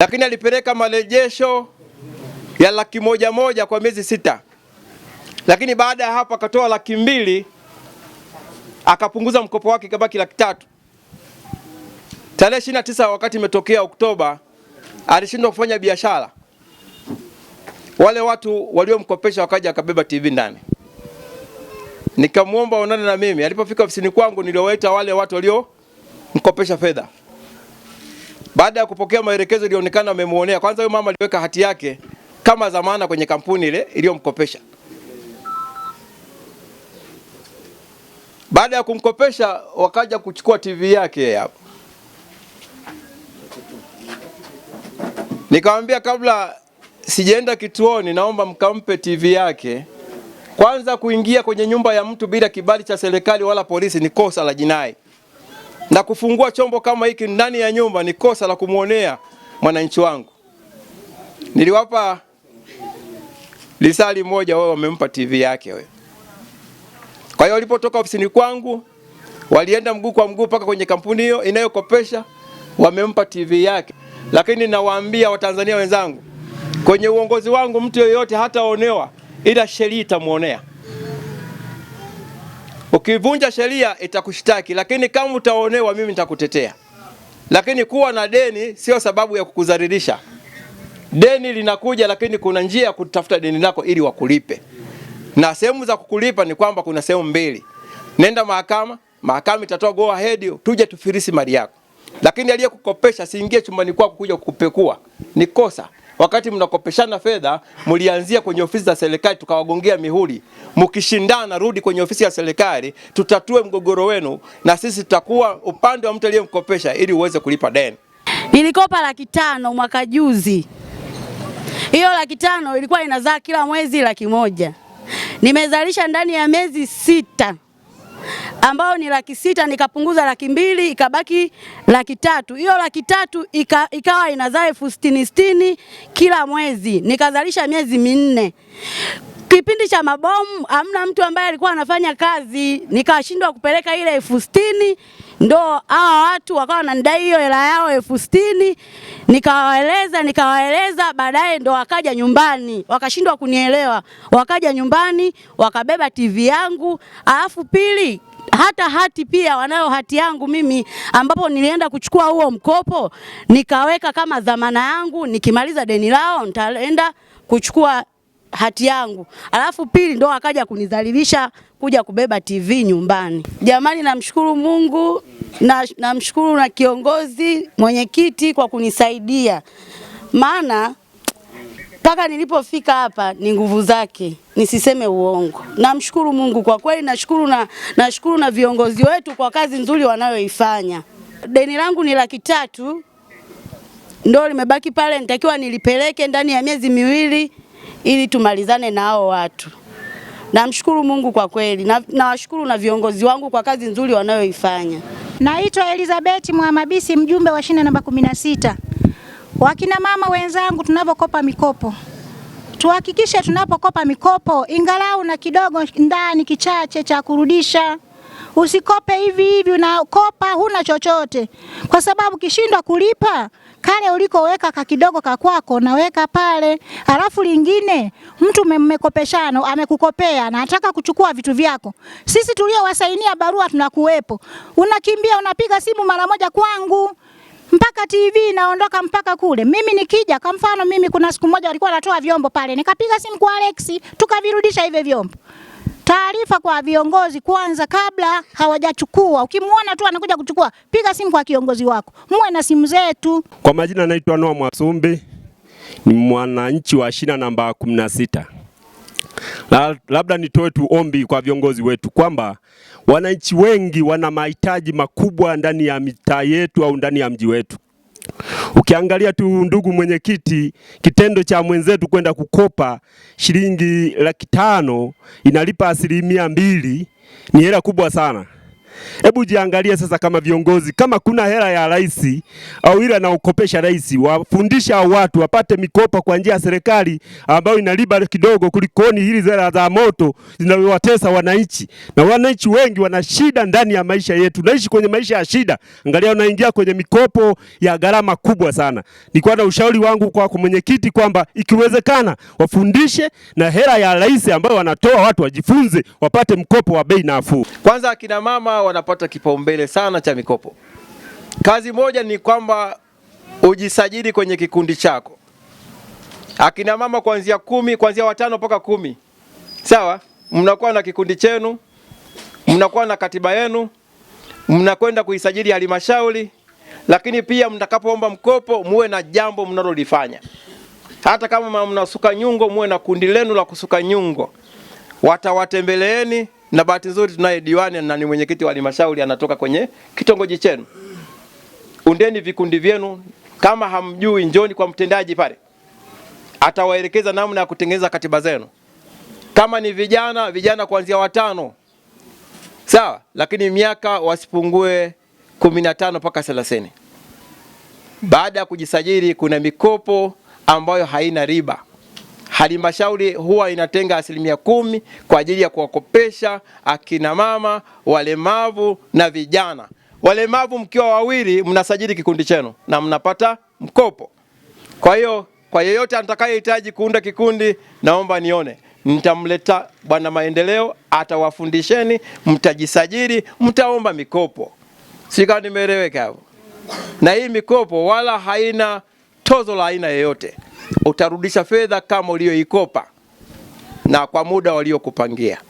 lakini alipeleka marejesho ya laki moja moja kwa miezi sita, lakini baada ya hapo akatoa laki mbili akapunguza mkopo wake kabaki laki tatu. Tarehe ishirini na tisa wakati imetokea Oktoba, alishindwa kufanya biashara. Wale watu waliomkopesha wakaja akabeba TV ndani, nikamwomba onane na mimi. Alipofika ofisini kwangu, niliowaita wale watu waliomkopesha fedha baada ya kupokea maelekezo, ilionekana amemuonea. Kwanza huyo mama aliweka hati yake kama zamana kwenye kampuni ile iliyomkopesha. Baada ya kumkopesha, wakaja kuchukua TV yake hapo. Nikamwambia kabla sijaenda kituoni, naomba mkampe TV yake. Kwanza kuingia kwenye nyumba ya mtu bila kibali cha serikali wala polisi ni kosa la jinai na kufungua chombo kama hiki ndani ya nyumba ni kosa la kumwonea mwananchi wangu. Niliwapa lisali moja, wao wamempa TV yake wewe. Kwa hiyo walipotoka ofisini kwangu, walienda mguu kwa mguu mpaka kwenye kampuni hiyo inayokopesha, wamempa TV yake. Lakini nawaambia Watanzania wenzangu, kwenye uongozi wangu mtu yoyote hataonewa, ila sheria itamwonea. Ukivunja sheria itakushtaki, lakini kama utaonewa, mimi nitakutetea. Lakini kuwa na deni sio sababu ya kukudhalilisha. Deni linakuja, lakini kuna njia ya kutafuta deni lako ili wakulipe, na sehemu za kukulipa ni kwamba kuna sehemu mbili: nenda mahakama, mahakama itatoa go ahead, tuje tufilisi mali yako. Lakini aliyekukopesha, siingie chumbani kwako kuja kukupekua, ni kosa wakati mnakopeshana fedha mlianzia kwenye ofisi za serikali, tukawagongea mihuri, mkishindana, rudi kwenye ofisi ya serikali, tutatue mgogoro wenu, na sisi tutakuwa upande wa mtu aliyemkopesha ili uweze kulipa deni. Nilikopa laki tano mwaka juzi, hiyo laki tano ilikuwa inazaa kila mwezi laki moja, nimezalisha ndani ya miezi sita ambao ni laki sita nikapunguza laki mbili ikabaki laki tatu. Hiyo laki tatu ika, ikawa inazaa elfu sitini sitini kila mwezi, nikazalisha miezi minne. Kipindi cha mabomu hamna mtu ambaye alikuwa anafanya kazi, nikashindwa kupeleka ile elfu sitini ndo hawa watu wakawa wananidai hiyo hela yao elfu sitini nikawaeleza nikawaeleza, baadaye ndo wakaja nyumbani, wakashindwa kunielewa, wakaja nyumbani wakabeba TV yangu, alafu pili hata hati pia wanayo hati yangu mimi, ambapo nilienda kuchukua huo mkopo nikaweka kama dhamana yangu. Nikimaliza deni lao nitaenda kuchukua hati yangu. Alafu pili ndo akaja kunidhalilisha kuja kubeba TV nyumbani. Jamani, namshukuru Mungu na namshukuru na kiongozi mwenyekiti kwa kunisaidia, maana mpaka nilipofika hapa ni nguvu zake nisiseme uongo. Namshukuru Mungu kwa kweli, nashukuru na nashukuru na viongozi wetu kwa kazi nzuri wanayoifanya. Deni langu ni laki tatu ndio limebaki pale, nitakiwa nilipeleke ndani ya miezi miwili ili tumalizane na hao watu. Namshukuru Mungu kwa kweli, nawashukuru na, na viongozi wangu kwa kazi nzuri wanayoifanya. Naitwa Elizabeth Mwamabisi, mjumbe wa shina namba 16. Wakina mama wenzangu tunavyokopa mikopo Tuhakikishe tunapokopa mikopo ingalau na kidogo ndani kichache cha kurudisha. Usikope hivi hivi, unakopa huna chochote, kwa sababu kishindwa kulipa kale ulikoweka ka kidogo ka kwako naweka pale, alafu lingine mtu mmekopeshana, amekukopea na anataka kuchukua vitu vyako. Sisi tuliowasainia barua tunakuwepo, unakimbia unapiga simu mara moja kwangu mpaka TV inaondoka mpaka kule. Mimi nikija, kwa mfano, mimi kuna siku moja walikuwa wanatoa vyombo pale, nikapiga simu kwa Alex, tukavirudisha hivyo vyombo. Taarifa kwa viongozi kwanza, kabla hawajachukua. Ukimwona tu anakuja kuchukua, piga simu kwa kiongozi wako, muwe na simu zetu. Kwa majina, naitwa Noa Mwasumbi, ni mwananchi wa shina namba 16. La, labda nitoe tu ombi kwa viongozi wetu kwamba wananchi wengi wana mahitaji makubwa ndani ya mitaa yetu au ndani ya mji wetu. Ukiangalia tu ndugu mwenyekiti, kitendo cha mwenzetu kwenda kukopa shilingi laki tano inalipa asilimia mbili ni hela kubwa sana. Hebu jiangalie sasa, kama viongozi, kama kuna hela ya rais au ile anaokopesha rais, wafundisha watu wapate mikopo kwa njia ya serikali ambayo ina riba kidogo kulikoni hili zera za moto zinazowatesa wananchi, na wananchi wengi wana shida ndani ya maisha yetu, naishi kwenye maisha ya shida, angalia unaingia kwenye mikopo ya gharama kubwa sana. Nilikuwa na ushauri wangu kwa mwenyekiti kwamba ikiwezekana wafundishe na hela ya rais ambayo wanatoa watu wajifunze, wapate mkopo wa bei nafuu. Kwanza akina mama wa wanapata kipaumbele sana cha mikopo. Kazi moja ni kwamba ujisajili kwenye kikundi chako, akina mama kuanzia kumi, kuanzia watano mpaka kumi. Sawa, mnakuwa na kikundi chenu, mnakuwa na katiba yenu, mnakwenda kuisajili halmashauri, lakini pia mtakapoomba mkopo muwe na jambo mnalolifanya. Hata kama mnasuka nyungo, muwe na kundi lenu la kusuka nyungo, watawatembeleeni na bahati nzuri tunaye diwani na ni mwenyekiti wa halmashauri anatoka kwenye kitongoji chenu. Undeni vikundi vyenu, kama hamjui njoni kwa mtendaji pale, atawaelekeza namna ya kutengeneza katiba zenu. Kama ni vijana, vijana kuanzia watano, sawa, lakini miaka wasipungue 15 mpaka 30. Baada ya kujisajili, kuna mikopo ambayo haina riba Halmashauri huwa inatenga asilimia kumi kwa ajili ya kuwakopesha akina mama, walemavu na vijana. Walemavu mkiwa wawili mnasajili kikundi chenu na mnapata mkopo. Kwa hiyo kwa yeyote atakayehitaji kuunda kikundi, naomba nione, nitamleta Bwana Maendeleo, atawafundisheni, mtajisajili, mtaomba mikopo. sika nimeeleweka hapo. Na hii mikopo wala haina tozo la aina yoyote utarudisha fedha kama uliyoikopa na kwa muda waliokupangia.